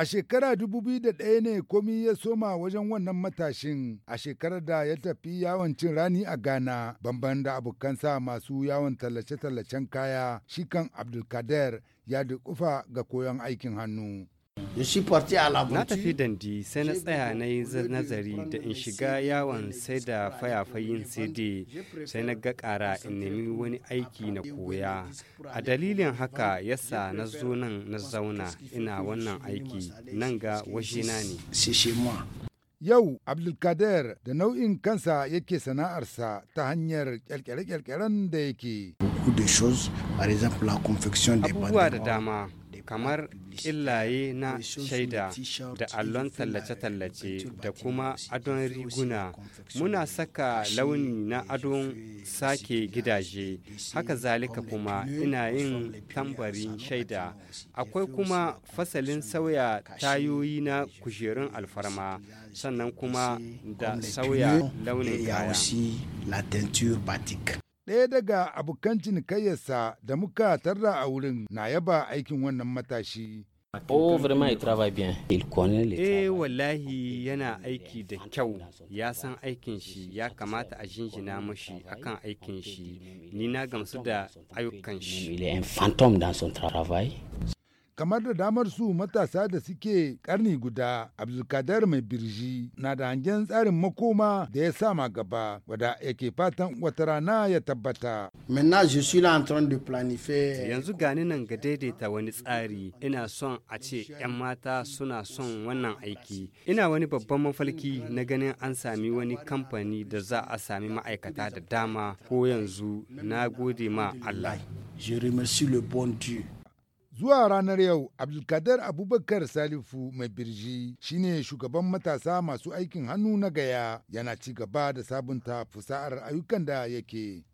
A shekara dubu biyu da 2001 ne komi ya soma wajen wannan matashin a shekarar da ya tafi yawon cin rani a Ghana bamban da abokansa masu yawon tallace-tallacen kaya shikan Abdulkader ya dukufa ga koyon aikin hannu. Na tafi dandi sai na tsaya na yi nazari da in shiga yawon sai da fayafayin CD sai na ga kara in nemi wani aiki na koya. A dalilin haka yasa na zo nan na zauna ina wannan aiki nan ga na ne. Yau Abdulkader da nau'in kansa yake sana'arsa ta hanyar kyalkyale-kyalkyalen da yake. Abubuwa da dama. kamar illaye na shaida da allon tallace-tallace da kuma adon riguna muna saka launi na adon sake gidaje haka zalika kuma ina yin tambarin shaida akwai kuma fasalin sauya tayoyi na kujerun alfarma sannan kuma da sauya launin kaya Ɗaya daga abokan cinikayyarsa da muka tarra a wurin na yaba aikin wannan matashi. Oh, vraiment, il travaille bien. Il connaît eh, travail. Eh, wallahi yana aiki da kyau. Ya san aikin shi, ya kamata a jinjina mashi akan aikin shi. Ni na gamsu da ayyukan shi. Il est un fantôme dans son travail. kamar da damar su matasa da suke karni guda abdulkadar mai birji na da hangen tsarin makoma da ya sama gaba wada yake fatan wata rana ya tabbata yanzu gani nan ga daidaita wani tsari ina son a ce 'yan mata suna son wannan aiki ina wani babban mafalki na ganin an sami wani kamfani da za a sami ma'aikata da dama ko yanzu na gode ma allah Je remercie le bon Dieu. Zuwa ranar yau, Abdulkadir Abubakar Salifu mai birji shine shugaban matasa masu aikin hannu na gaya yana ci gaba da sabunta fusa'ar ayyukan da yake.